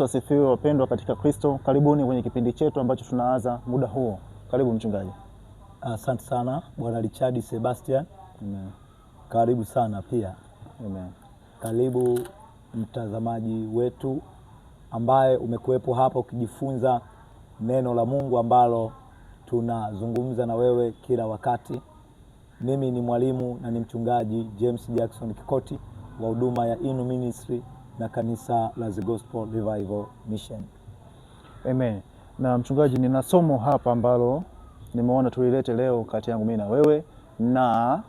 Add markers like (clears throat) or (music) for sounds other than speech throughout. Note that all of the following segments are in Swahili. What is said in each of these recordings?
Wasifiwe wapendwa katika Kristo, karibuni kwenye kipindi chetu ambacho tunaanza muda huo. Karibu mchungaji. Asante uh, sana bwana Richard Sebastian. Amen. Karibu sana pia. Amen. Karibu mtazamaji wetu ambaye umekuwepo hapa ukijifunza neno la Mungu ambalo tunazungumza na wewe kila wakati. Mimi ni mwalimu na ni mchungaji James Jackson Kikoti wa huduma ya Inu Ministry na kanisa la The Gospel Revival Mission. Amen. Na mchungaji, nina somo hapa ambalo nimeona tulilete leo kati yangu mimi na wewe na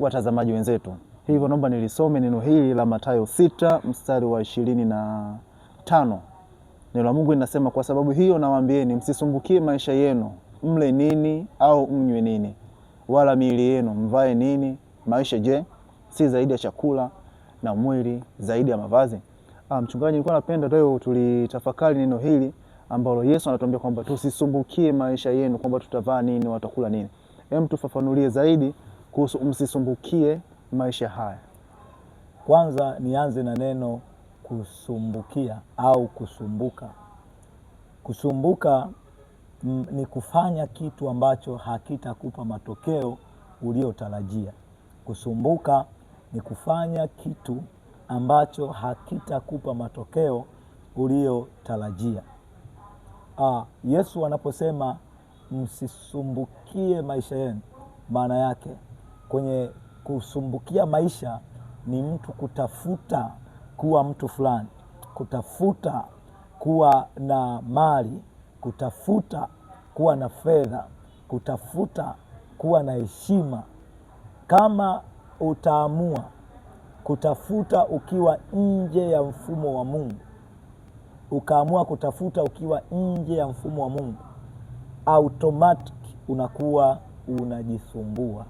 watazamaji wenzetu, hivyo naomba nilisome neno hili la Mathayo sita mstari wa ishirini na tano. Neno la Mungu linasema, kwa sababu hiyo nawaambieni, msisumbukie maisha yenu, mle nini au mnywe nini, wala miili yenu mvae nini. Maisha je, si zaidi ya chakula na mwili zaidi ya mavazi. Ah, mchungaji, nilikuwa napenda leo tulitafakari neno hili ambalo Yesu anatuambia kwamba tusisumbukie maisha yenu kwamba tutavaa nini, watakula nini. Hem, tufafanulie zaidi kuhusu msisumbukie maisha haya. Kwanza nianze na neno kusumbukia au kusumbuka. Kusumbuka m, ni kufanya kitu ambacho hakitakupa matokeo uliotarajia Kusumbuka ni kufanya kitu ambacho hakitakupa matokeo uliyotarajia. Ah, Yesu anaposema msisumbukie maisha yenu, maana yake kwenye kusumbukia maisha ni mtu kutafuta kuwa mtu fulani, kutafuta kuwa na mali, kutafuta kuwa na fedha, kutafuta kuwa na heshima kama utaamua kutafuta ukiwa nje ya mfumo wa Mungu, ukaamua kutafuta ukiwa nje ya mfumo wa Mungu, automatic unakuwa unajisumbua.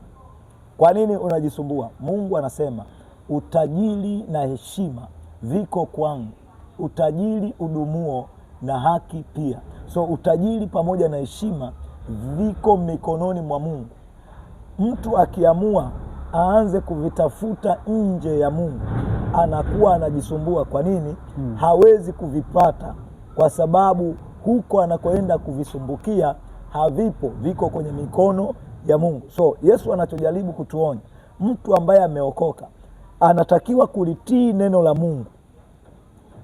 Kwa nini unajisumbua? Mungu anasema utajiri na heshima viko kwangu, utajiri udumuo na haki pia. So utajiri pamoja na heshima viko mikononi mwa Mungu. Mtu akiamua aanze kuvitafuta nje ya Mungu, anakuwa anajisumbua. Kwa nini? hmm. hawezi kuvipata kwa sababu huko anakoenda kuvisumbukia havipo, viko kwenye mikono ya Mungu. So Yesu anachojaribu kutuonya, mtu ambaye ameokoka anatakiwa kulitii neno la Mungu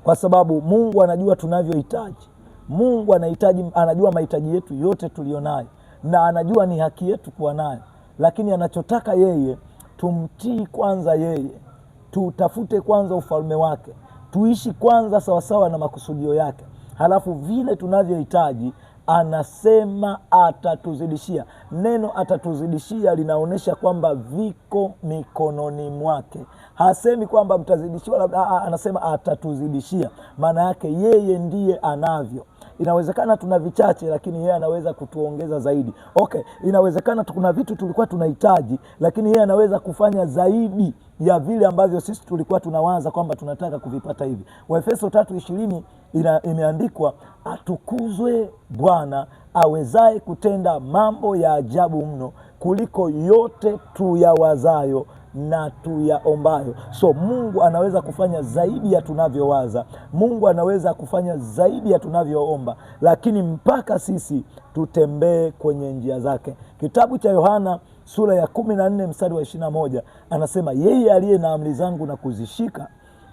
kwa sababu Mungu anajua tunavyohitaji. Mungu anahitaji, anajua mahitaji yetu yote tuliyonayo, na anajua ni haki yetu kuwa nayo, lakini anachotaka yeye tumtii kwanza yeye, tutafute kwanza ufalme wake, tuishi kwanza sawasawa na makusudio yake, halafu vile tunavyohitaji anasema atatuzidishia. Neno atatuzidishia linaonyesha kwamba viko mikononi mwake. Hasemi kwamba mtazidishiwa, anasema atatuzidishia. Maana yake yeye ndiye anavyo inawezekana tuna vichache, lakini yeye anaweza kutuongeza zaidi. Okay, inawezekana kuna vitu tulikuwa tunahitaji, lakini yeye anaweza kufanya zaidi ya vile ambavyo sisi tulikuwa tunawaza kwamba tunataka kuvipata hivi. Waefeso tatu ishirini imeandikwa, atukuzwe Bwana awezaye kutenda mambo ya ajabu mno kuliko yote tuyawazayo na tuyaombayo. So Mungu anaweza kufanya zaidi ya tunavyowaza, Mungu anaweza kufanya zaidi ya tunavyoomba, lakini mpaka sisi tutembee kwenye njia zake. Kitabu cha Yohana sura ya kumi na nne mstari wa ishirini na moja anasema yeye aliye na amri zangu na kuzishika,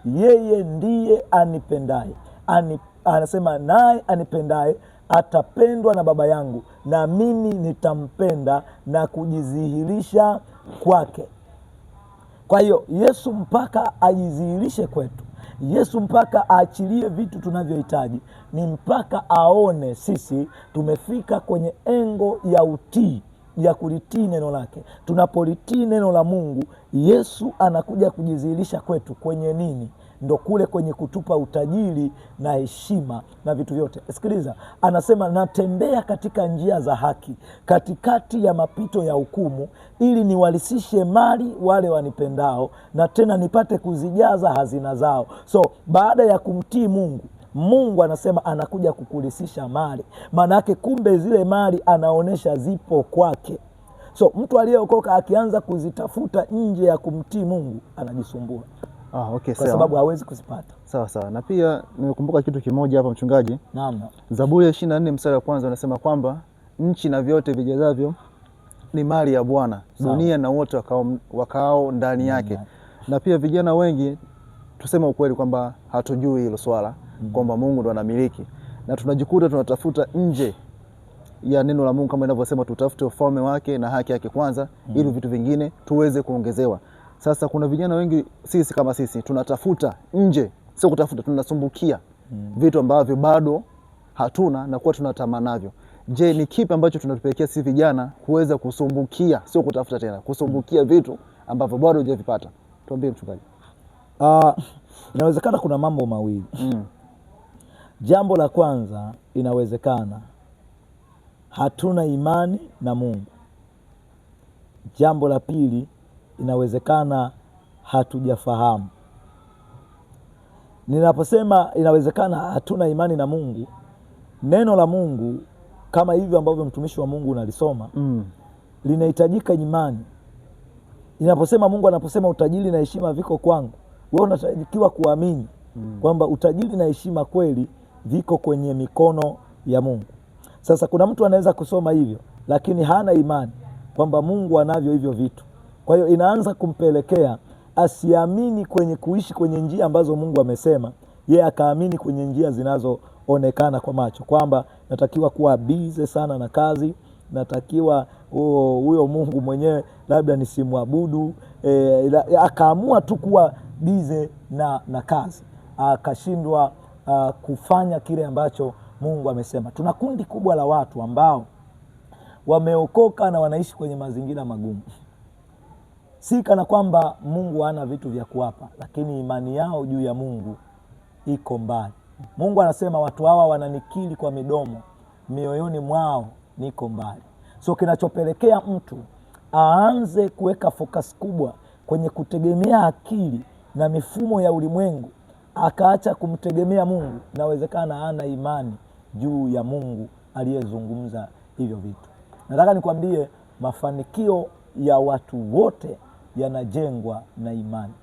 yeye ndiye anipendaye Ani, anasema naye anipendaye atapendwa na Baba yangu na mimi nitampenda na kujidhihirisha kwake. Kwa hiyo Yesu mpaka ajidhihirishe kwetu, Yesu mpaka aachilie vitu tunavyohitaji, ni mpaka aone sisi tumefika kwenye engo ya utii ya kulitii neno lake. Tunapolitii neno la Mungu, Yesu anakuja kujidhihirisha kwetu kwenye nini? ndo kule kwenye kutupa utajiri na heshima na vitu vyote. Sikiliza, anasema natembea katika njia za haki, katikati ya mapito ya hukumu, ili niwalisishe mali wale wanipendao, na tena nipate kuzijaza hazina zao. So baada ya kumtii Mungu Mungu anasema anakuja kukulisisha mali. Maana yake kumbe zile mali anaonyesha zipo kwake. So mtu aliyeokoka akianza kuzitafuta nje ya kumtii Mungu anajisumbua ah, okay, kwa sababu hawezi kuzipata. Sawa sawa, na pia nimekumbuka kitu kimoja hapa mchungaji. Naam. Zaburi ya 24 na nne mstari wa kwanza unasema kwamba nchi na vyote vijazavyo ni mali ya Bwana, dunia na wote wakao, wakao ndani yake Na pia vijana wengi tuseme ukweli kwamba hatujui hilo swala mm. kwamba Mungu ndo anamiliki na tunajikuta tunatafuta nje ya neno la Mungu kama inavyosema tutafute ufalme wake na haki yake kwanza mm. ili vitu vingine tuweze kuongezewa. Sasa kuna vijana wengi sisi kama sisi tunatafuta nje, sio kutafuta, tunasumbukia mm. vitu ambavyo bado hatuna na kuwa tunatamanavyo. Je, ni kipi ambacho tunatupelekea sisi vijana kuweza kusumbukia, sio kutafuta tena, kusumbukia vitu ambavyo bado hujavipata? Tuambie mchungaji. Uh, inawezekana kuna mambo mawili mm. Jambo la kwanza, inawezekana hatuna imani na Mungu. Jambo la pili inawezekana hatujafahamu. Ninaposema inawezekana hatuna imani na Mungu, neno la Mungu kama hivyo ambavyo mtumishi wa Mungu unalisoma mm. linahitajika imani. Inaposema Mungu anaposema utajiri na heshima viko kwangu, wewe unatakiwa kuamini mm. kwamba utajiri na heshima kweli viko kwenye mikono ya Mungu. Sasa kuna mtu anaweza kusoma hivyo, lakini hana imani kwamba Mungu anavyo hivyo vitu. Kwa hiyo inaanza kumpelekea asiamini kwenye kuishi kwenye njia ambazo Mungu amesema, yeye akaamini kwenye njia zinazoonekana kwa macho, kwamba natakiwa kuwa bize sana na kazi, natakiwa huyo Mungu mwenyewe labda nisimwabudu. E, akaamua tu kuwa bize na, na kazi akashindwa uh, kufanya kile ambacho Mungu amesema. Tuna kundi kubwa la watu ambao wameokoka na wanaishi kwenye mazingira magumu si kana kwamba Mungu hana vitu vya kuwapa, lakini imani yao juu ya Mungu iko mbali. Mungu anasema watu hawa wananikili kwa midomo, mioyoni mwao niko mbali. So kinachopelekea mtu aanze kuweka fokasi kubwa kwenye kutegemea akili na mifumo ya ulimwengu akaacha kumtegemea Mungu, nawezekana hana imani juu ya Mungu aliyezungumza hivyo vitu. Nataka nikwambie mafanikio ya watu wote yanajengwa na imani.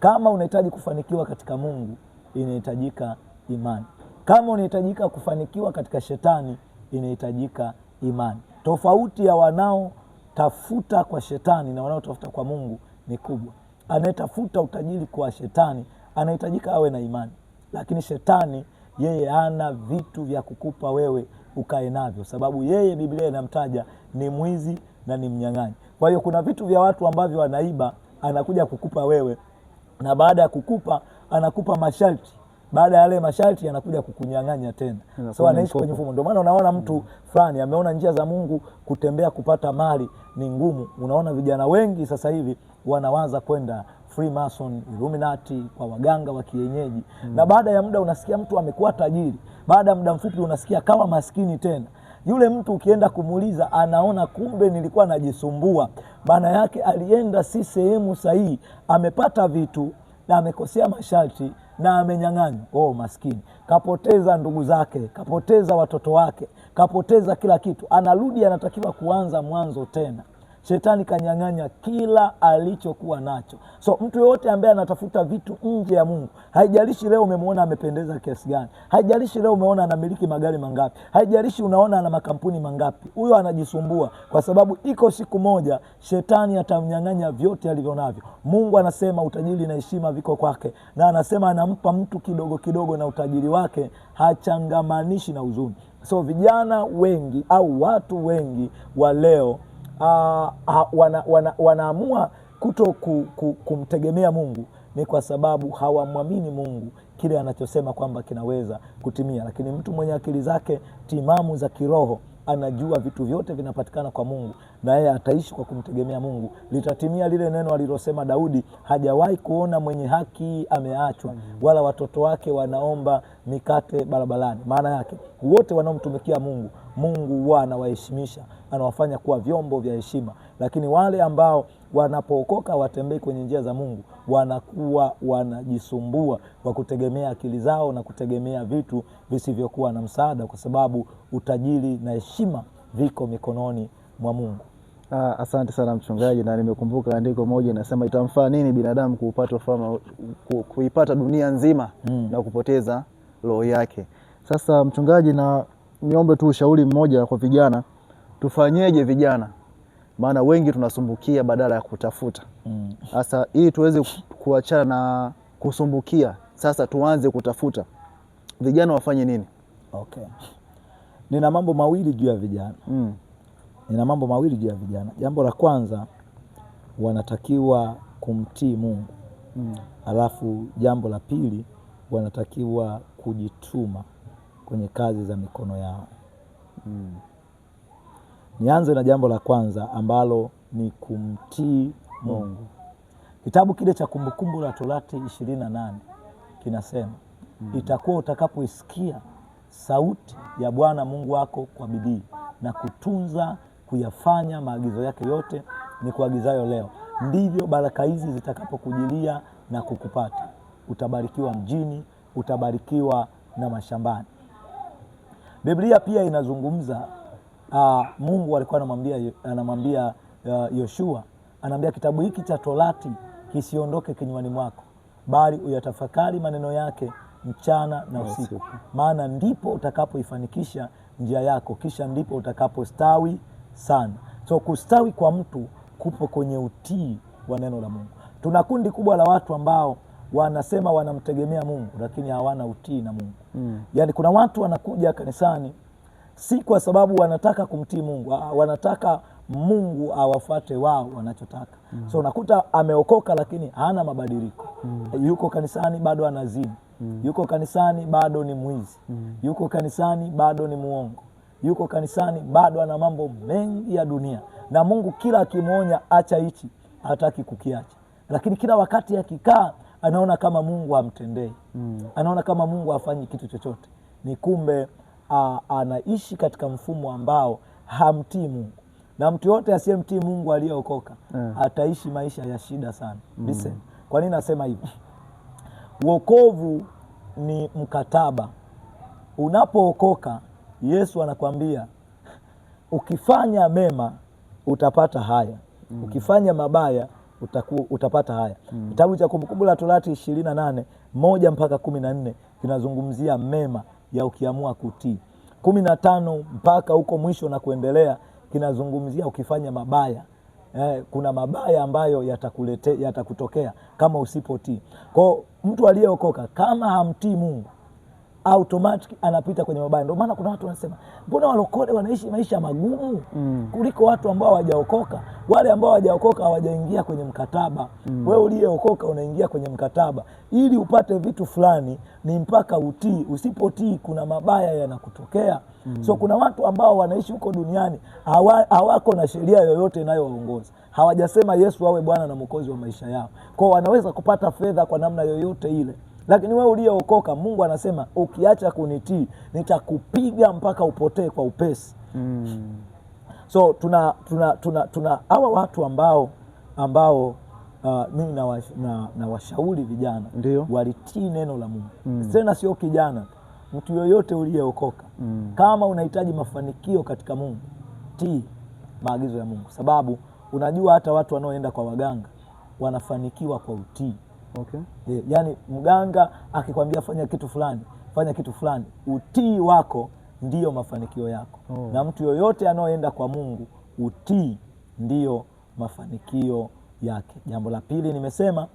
Kama unahitaji kufanikiwa katika Mungu, inahitajika imani. Kama unahitajika kufanikiwa katika shetani, inahitajika imani. Tofauti ya wanaotafuta kwa shetani na wanaotafuta kwa Mungu ni kubwa. Anayetafuta utajiri kwa shetani anahitajika awe na imani, lakini shetani yeye ana vitu vya kukupa wewe ukae navyo, sababu yeye Biblia inamtaja ni mwizi na ni mnyang'anyi. Kwa hiyo kuna vitu vya watu ambavyo wanaiba, anakuja kukupa wewe, na baada ya kukupa anakupa masharti baada ya yale masharti anakuja kukunyang'anya tena. So anaishi kwenye mfumo. Ndio maana unaona mtu hmm, fulani ameona njia za Mungu kutembea kupata mali ni ngumu. Unaona vijana wengi sasa hivi wanawaza kwenda Freemason, Illuminati kwa waganga wa kienyeji hmm, na baada ya muda unasikia mtu amekuwa tajiri, baada ya muda mfupi unasikia kawa maskini tena. Yule mtu ukienda kumuuliza, anaona kumbe nilikuwa najisumbua. Maana yake alienda si sehemu sahihi, amepata vitu na amekosea masharti na amenyang'anywa. Oh, maskini kapoteza ndugu zake, kapoteza watoto wake, kapoteza kila kitu. Anarudi anatakiwa kuanza mwanzo tena. Shetani kanyang'anya kila alichokuwa nacho. So mtu yoyote ambaye anatafuta vitu nje ya Mungu, haijalishi leo umemwona amependeza kiasi gani, haijalishi leo umeona anamiliki magari mangapi, haijalishi unaona ana makampuni mangapi, huyo anajisumbua, kwa sababu iko siku moja shetani atamnyang'anya vyote alivyo navyo. Mungu anasema utajiri na heshima viko kwake, na anasema anampa mtu kidogo kidogo, na utajiri wake hachangamanishi na huzuni. So vijana wengi au watu wengi wa leo wanaamua ah, ah, wana, wana, wanaamua kuto ku, ku, kumtegemea Mungu ni kwa sababu hawamwamini Mungu kile anachosema kwamba kinaweza kutimia. Lakini mtu mwenye akili zake timamu za kiroho anajua vitu vyote vinapatikana kwa Mungu na yeye ataishi kwa kumtegemea Mungu. Litatimia lile neno alilosema Daudi, hajawahi kuona mwenye haki ameachwa, wala watoto wake wanaomba mikate barabarani. Maana yake wote wanaomtumikia Mungu Mungu huwa anawaheshimisha, anawafanya kuwa vyombo vya heshima, lakini wale ambao wanapookoka watembei kwenye njia za Mungu wanakuwa wanajisumbua kwa kutegemea akili zao na kutegemea vitu visivyokuwa na msaada, kwa sababu utajiri na heshima viko mikononi mwa Mungu. Ah, asante sana mchungaji, na nimekumbuka andiko moja inasema itamfaa nini binadamu kuupata ufalme ku, kuipata dunia nzima mm, na kupoteza roho yake. Sasa mchungaji na niombe tu ushauri mmoja kwa vijana, tufanyeje vijana? Maana wengi tunasumbukia badala ya kutafuta. Mm. Sasa mm. ili tuweze kuachana na kusumbukia, sasa tuanze kutafuta. Vijana wafanye nini? Okay, nina mambo mawili juu ya vijana mm. nina mambo mawili juu ya vijana. Jambo la kwanza wanatakiwa kumtii Mungu mm. alafu jambo la pili wanatakiwa kujituma kwenye kazi za mikono yao. Mm. Nianze na jambo la kwanza ambalo ni kumtii Mungu. Mm. Kitabu kile cha Kumbukumbu la Torati ishirini na nane kinasema mm, itakuwa utakapoisikia sauti ya Bwana Mungu wako kwa bidii na kutunza kuyafanya maagizo yake yote ni kuagizayo leo, ndivyo baraka hizi zitakapokujilia na kukupata. Utabarikiwa mjini, utabarikiwa na mashambani. Biblia pia inazungumza uh, Mungu alikuwa anamwambia anamwambia uh, Yoshua anaambia kitabu hiki cha Torati kisiondoke kinywani mwako, bali uyatafakari maneno yake mchana na usiku, maana ndipo utakapoifanikisha njia yako, kisha ndipo utakapostawi sana. So kustawi kwa mtu kupo kwenye utii wa neno la Mungu. Tuna kundi kubwa la watu ambao wanasema wanamtegemea Mungu lakini hawana utii na Mungu mm. Yaani kuna watu wanakuja kanisani si kwa sababu wanataka kumtii Mungu, wanataka Mungu awafate wao wanachotaka mm. So unakuta ameokoka lakini hana mabadiliko mm. Yuko kanisani bado anazini mm. Yuko kanisani bado ni mwizi mm. Yuko kanisani bado ni muongo, yuko kanisani bado ana mambo mengi ya dunia, na Mungu kila akimwonya acha hichi hataki kukiacha, lakini kila wakati akikaa anaona kama Mungu hamtendei mm. anaona kama Mungu hafanyi kitu chochote. Ni kumbe a, anaishi katika mfumo ambao hamtii Mungu, na mtu yote asiyemtii Mungu aliyeokoka mm. ataishi maisha ya shida sana mm. Listen, kwa nini nasema hivi? Uokovu ni mkataba. Unapookoka Yesu anakwambia ukifanya mema utapata haya, mm. ukifanya mabaya utaku, utapata haya mm. Kitabu cha Kumbukumbu la Torati ishirini na nane moja mpaka kumi na nne kinazungumzia mema ya ukiamua kutii. kumi na tano mpaka huko mwisho na kuendelea kinazungumzia ukifanya mabaya eh, kuna mabaya ambayo yatakulete yatakutokea kama usipotii. Kwao mtu aliyeokoka kama hamtii Mungu automatic anapita kwenye mabaya. Ndio maana kuna watu wanasema mbona walokole wanaishi maisha magumu mm. kuliko watu ambao hawajaokoka wale ambao hawajaokoka hawajaingia kwenye mkataba mm. Wewe uliyeokoka unaingia kwenye mkataba ili upate vitu fulani, ni mpaka utii. Usipotii kuna mabaya yanakutokea mm. So kuna watu ambao wanaishi huko duniani hawako na sheria yoyote inayowaongoza hawajasema Yesu awe Bwana na Mwokozi wa maisha yao, kwao wanaweza kupata fedha kwa namna yoyote ile lakini wewe uliyeokoka, Mungu anasema ukiacha kunitii nitakupiga mpaka upotee kwa upesi. mm. So tuna tuna tuna tuna hawa watu ambao ambao Uh, mimi nawashauri na, na vijana ndio walitii neno la Mungu mm. Tena sio kijana, mtu yoyote uliyeokoka mm. Kama unahitaji mafanikio katika Mungu, tii maagizo ya Mungu, sababu unajua hata watu wanaoenda kwa waganga wanafanikiwa kwa utii okay. Eh, yani mganga akikwambia fanya kitu fulani, fanya kitu fulani, utii wako ndiyo mafanikio yako oh. Na mtu yoyote anayoenda kwa Mungu, utii ndiyo mafanikio yake. Jambo la pili nimesema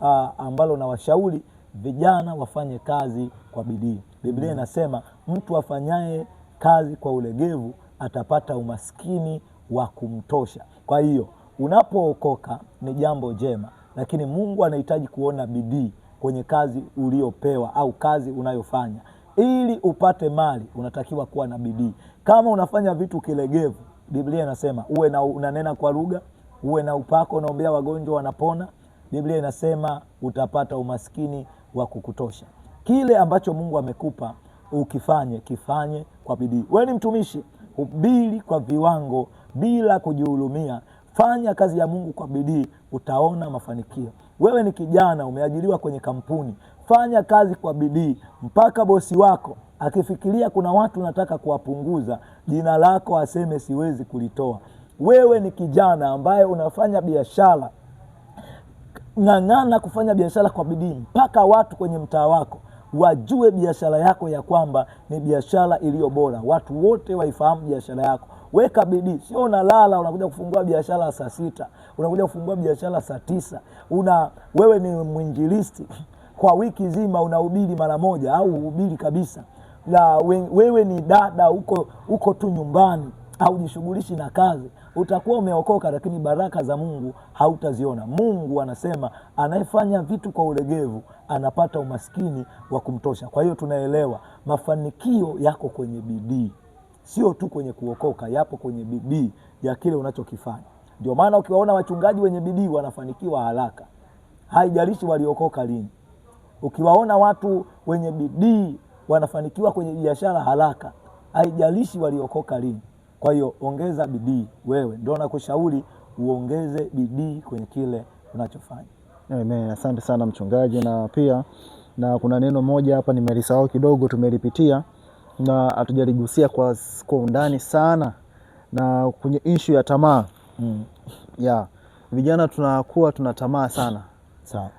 uh, ambalo nawashauri vijana wafanye kazi kwa bidii. Biblia mm. inasema mtu afanyaye kazi kwa ulegevu atapata umaskini wa kumtosha. Kwa hiyo unapookoka ni jambo jema, lakini Mungu anahitaji kuona bidii kwenye kazi uliopewa au kazi unayofanya. Ili upate mali unatakiwa kuwa na bidii. Kama unafanya vitu kilegevu, Biblia inasema uwe na unanena kwa lugha, uwe na upako, unaombea wagonjwa wanapona, Biblia inasema utapata umaskini wa kukutosha. Kile ambacho Mungu amekupa ukifanye, kifanye kwa bidii. Wewe ni mtumishi, hubiri kwa viwango bila kujihurumia. Fanya kazi ya Mungu kwa bidii, utaona mafanikio. Wewe ni kijana, umeajiriwa kwenye kampuni, Fanya kazi kwa bidii mpaka bosi wako akifikiria kuna watu nataka kuwapunguza, jina lako aseme siwezi kulitoa. Wewe ni kijana ambaye unafanya biashara, ng'ang'ana kufanya biashara kwa bidii mpaka watu kwenye mtaa wako wajue biashara yako ya kwamba ni biashara iliyo bora, watu wote waifahamu biashara yako. Weka bidii, sio unalala unakuja kufungua biashara saa sita, unakuja kufungua biashara saa tisa. Una wewe ni mwinjilisti kwa wiki nzima unahubiri mara moja au uhubiri kabisa, we, wewe ni dada uko, uko tu nyumbani haujishughulishi na kazi, utakuwa umeokoka, lakini baraka za Mungu hautaziona. Mungu anasema anayefanya vitu kwa ulegevu anapata umaskini wa kumtosha. Kwa hiyo tunaelewa mafanikio yako kwenye bidii, sio tu kwenye kuokoka, yapo kwenye bidii ya kile unachokifanya. Ndio maana ukiwaona wachungaji wenye bidii wanafanikiwa haraka, haijalishi waliokoka lini. Ukiwaona watu wenye bidii wanafanikiwa kwenye biashara haraka, haijalishi waliokoka lini. Kwa hiyo ongeza bidii wewe, ndio nakushauri uongeze bidii kwenye kile unachofanya. Amen, asante sana mchungaji. Na pia na kuna neno moja hapa nimelisahau kidogo, tumelipitia na hatujaligusia kwa, kwa undani sana, na kwenye ishu ya tamaa mm. ya yeah. Vijana tunakuwa tuna tamaa sana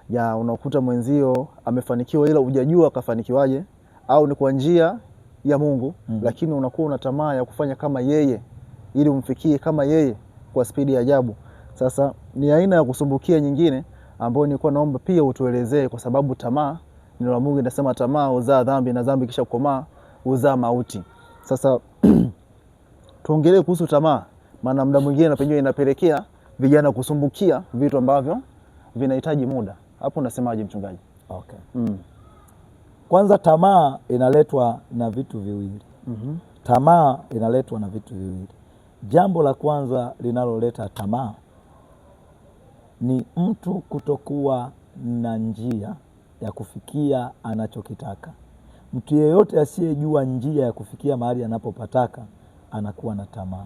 ya unakuta mwenzio amefanikiwa ila hujajua akafanikiwaje au ni kwa njia ya Mungu mm. Lakini unakuwa una tamaa ya kufanya kama yeye ili umfikie kama yeye kwa spidi ya ajabu. Sasa ni aina ya kusumbukia nyingine ambayo nilikuwa naomba pia utuelezee, kwa sababu tamaa, neno la Mungu linasema tamaa huzaa dhambi na dhambi kisha kukomaa huzaa mauti. Sasa (clears throat) tuongelee kuhusu tamaa, maana muda mwingine na penyewe inapelekea vijana kusumbukia vitu ambavyo vinahitaji muda. Hapo unasemaje mchungaji? Okay. Mm. Kwanza tamaa inaletwa na vitu viwili. mm -hmm. Tamaa inaletwa na vitu viwili. Jambo la kwanza linaloleta tamaa ni mtu kutokuwa na njia ya kufikia anachokitaka. Mtu yeyote asiyejua njia ya kufikia mahali anapopataka anakuwa na tamaa.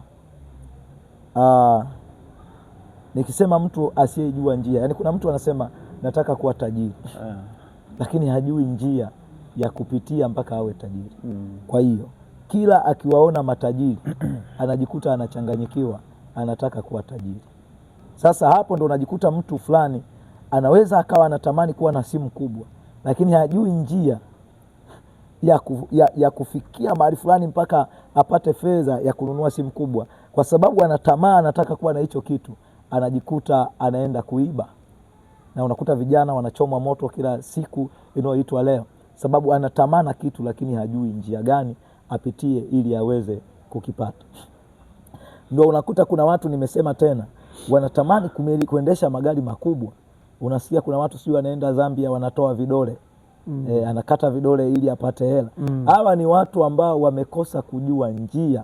Ah, nikisema mtu asiyejua njia, yani kuna mtu anasema nataka kuwa tajiri yeah. lakini hajui njia ya kupitia mpaka awe tajiri mm. Kwa hiyo kila akiwaona matajiri (clears throat) anajikuta anachanganyikiwa, anataka kuwa tajiri. Sasa hapo ndo unajikuta mtu fulani anaweza akawa anatamani kuwa na simu kubwa, lakini hajui njia ya, ku, ya, ya kufikia mahali fulani mpaka apate fedha ya kununua simu kubwa, kwa sababu anatamaa anataka kuwa na hicho kitu anajikuta anaenda kuiba, na unakuta vijana wanachoma moto kila siku inayoitwa leo, sababu anatamana kitu lakini hajui njia gani apitie ili aweze kukipata. Ndio unakuta kuna watu, nimesema tena, wanatamani kumili, kuendesha magari makubwa. Unasikia kuna watu sijui wanaenda Zambia wanatoa vidole mm. E, anakata vidole ili apate hela mm. Hawa ni watu ambao wamekosa kujua njia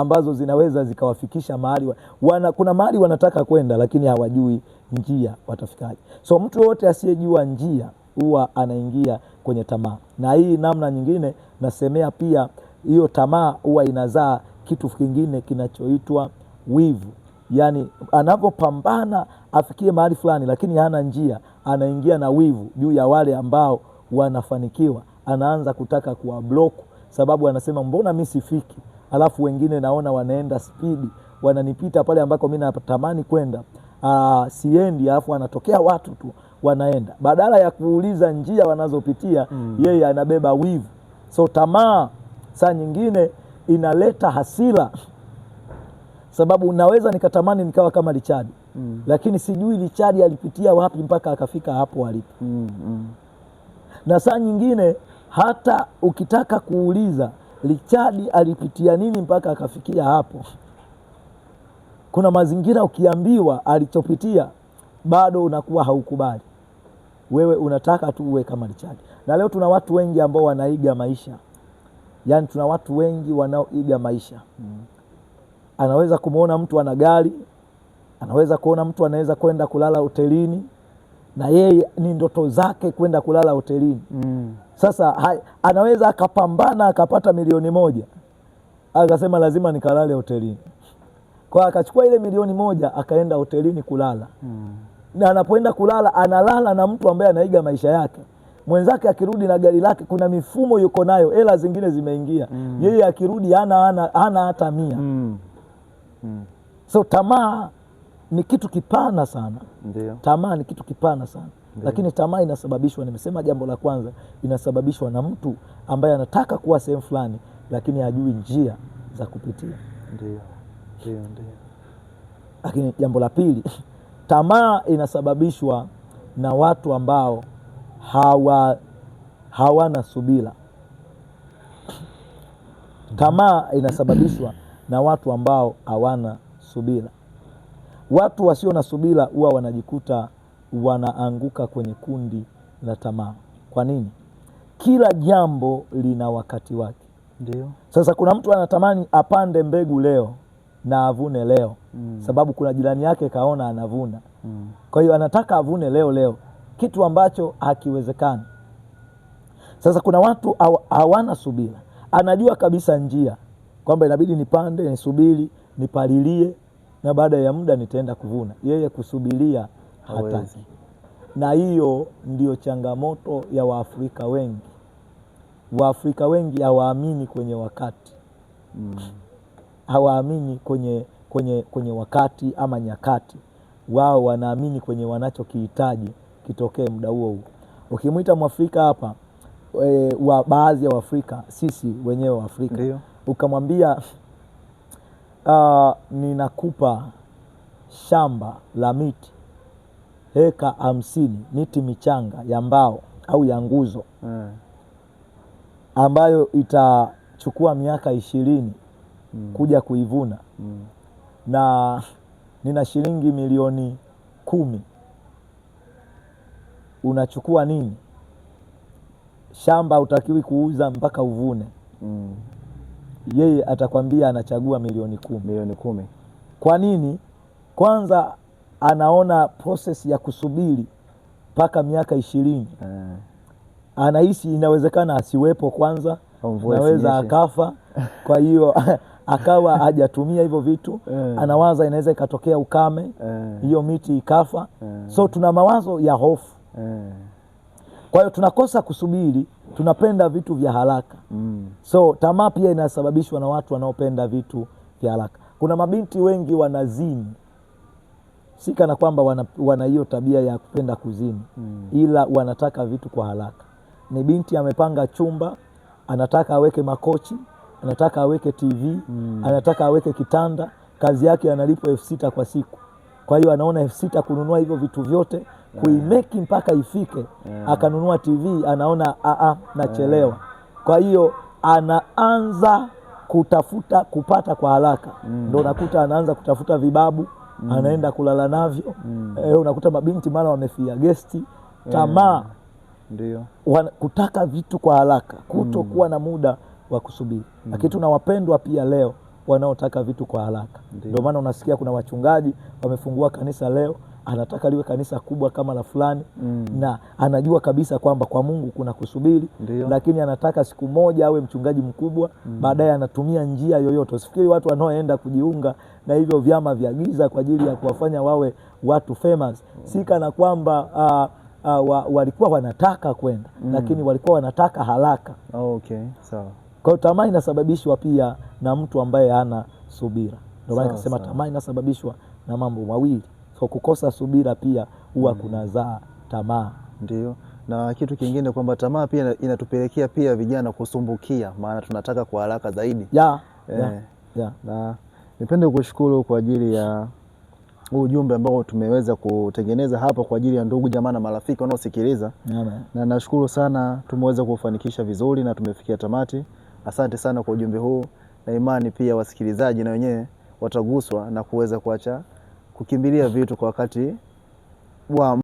ambazo zinaweza zikawafikisha mahali wana, kuna mahali wanataka kwenda lakini hawajui njia watafikaje. So mtu yoyote asiyejua njia huwa anaingia kwenye tamaa, na hii namna nyingine nasemea pia, hiyo tamaa huwa inazaa kitu kingine kinachoitwa wivu, Yani anapopambana afikie mahali fulani, lakini hana njia, anaingia na wivu juu ya wale ambao wanafanikiwa, anaanza kutaka kuwa sababu anasema mbona mi sifiki? alafu wengine naona wanaenda spidi, wananipita pale ambako mi natamani kwenda, ah, siendi, alafu wanatokea watu tu wanaenda, badala ya kuuliza njia wanazopitia mm. Yeye anabeba wivu. So tamaa saa nyingine inaleta hasira, sababu naweza nikatamani nikawa kama Richadi mm. Lakini sijui Richadi alipitia wapi mpaka akafika hapo alipo mm. mm. Na saa nyingine hata ukitaka kuuliza Richard alipitia nini mpaka akafikia hapo. Kuna mazingira ukiambiwa alichopitia bado unakuwa haukubali, wewe unataka tu uwe kama Richard. Na leo tuna watu wengi ambao wanaiga maisha, yaani tuna watu wengi wanaoiga maisha Anaweza kumwona mtu ana gari, anaweza kuona mtu anaweza kwenda kulala hotelini, na yeye ni ndoto zake kwenda kulala hotelini mm. Sasa hai, anaweza akapambana akapata milioni moja akasema lazima nikalale hotelini, kwa akachukua ile milioni moja akaenda hotelini kulala hmm. Na anapoenda kulala analala na mtu ambaye anaiga maisha yake mwenzake akirudi na gari lake, kuna mifumo yuko nayo, hela zingine zimeingia mm. Yeye akirudi ana, ana hata mia mm. Mm. So tamaa ni kitu kipana sana. Tamaa ni kitu kipana sana. Lakini tamaa inasababishwa, nimesema jambo la kwanza, inasababishwa na mtu ambaye anataka kuwa sehemu fulani, lakini hajui njia za kupitia. Ndio, ndio, ndio. Lakini jambo la pili, (laughs) tamaa inasababishwa na watu ambao hawa hawana subira. Tamaa inasababishwa na watu ambao hawana subira. Watu wasio na subira huwa wanajikuta wanaanguka kwenye kundi la tamaa. Kwa nini? Kila jambo lina wakati wake. Ndio. Sasa kuna mtu anatamani apande mbegu leo na avune leo mm. Sababu kuna jirani yake kaona anavuna mm. Kwa hiyo anataka avune leo leo kitu ambacho hakiwezekani. Sasa kuna watu hawana subira, anajua kabisa njia kwamba inabidi nipande, nisubiri, nipalilie na baada ya muda nitaenda kuvuna. Yeye kusubiria hata na hiyo ndiyo changamoto ya Waafrika wengi. Waafrika wengi hawaamini kwenye wakati mm. hawaamini kwenye, kwenye, kwenye wakati ama nyakati. Wao wanaamini kwenye wanachokihitaji kitokee muda huo huo. Ukimwita mwafrika hapa e, wa baadhi ya Waafrika sisi wenyewe Waafrika ukamwambia uh, ninakupa shamba la miti eka hamsini miti michanga ya mbao au ya nguzo mm. ambayo itachukua miaka ishirini mm. kuja kuivuna mm. na nina shilingi milioni kumi unachukua nini? Shamba utakiwi kuuza mpaka uvune mm. Yeye atakwambia anachagua milioni kumi. Milioni kumi kwa nini? Kwanza anaona proses ya kusubiri mpaka miaka ishirini mm. anahisi inawezekana asiwepo kwanza naweza akafa, kwa hiyo (laughs) akawa hajatumia hivyo vitu mm. anawaza inaweza ikatokea ukame mm. hiyo miti ikafa mm. so tuna mawazo ya hofu mm. kwa hiyo tunakosa kusubiri, tunapenda vitu vya haraka mm. so tamaa pia inasababishwa na watu wanaopenda vitu vya haraka. Kuna mabinti wengi wanazini si kana kwamba wana, hiyo tabia ya kupenda kuzini mm. ila wanataka vitu kwa haraka. Ni binti amepanga chumba, anataka aweke makochi, anataka aweke TV mm. anataka aweke kitanda. Kazi yake analipwa elfu sita kwa siku, kwa hiyo anaona elfu sita kununua hivyo vitu vyote kuimeki mpaka ifike yeah. Akanunua TV anaona aa, ah, ah, nachelewa yeah. Kwa hiyo anaanza kutafuta kupata kwa haraka mm. Ndo nakuta anaanza kutafuta vibabu mm. anaenda kulala navyo mm. E, unakuta mabinti mara wamefia gesti eh. tamaa yeah. kutaka vitu kwa haraka kutokuwa mm. na muda wa kusubiri mm. lakini tuna wapendwa pia leo wanaotaka vitu kwa haraka ndio maana unasikia kuna wachungaji wamefungua kanisa leo anataka liwe kanisa kubwa kama la fulani mm. na anajua kabisa kwamba kwa Mungu kuna kusubiri Ndiyo. lakini anataka siku moja awe mchungaji mkubwa mm. baadaye anatumia njia yoyote. Usifikiri watu wanaoenda kujiunga na hivyo vyama vya giza kwa ajili ya kuwafanya wawe watu famous mm. si kana kwamba uh, Uh, wa, walikuwa wanataka kwenda mm. lakini walikuwa wanataka haraka. oh, okay. so. Kwa hiyo tamaa inasababishwa pia na mtu ambaye hana subira. Ndio maana nikasema tamaa inasababishwa na mambo mawili so kukosa subira pia huwa mm. kunazaa tamaa. Ndio, na kitu kingine kwamba tamaa pia inatupelekea pia vijana kusumbukia, maana tunataka kwa haraka zaidi ya, eh, ya, ya. Na nipende kushukuru kwa ajili ya huu ujumbe ambao tumeweza kutengeneza hapa kwa ajili ya ndugu jamaa na marafiki wanaosikiliza, na nashukuru sana tumeweza kufanikisha vizuri na tumefikia tamati. Asante sana kwa ujumbe huu, na imani pia wasikilizaji na wenyewe wataguswa na kuweza kuacha kukimbilia vitu kwa wakati wa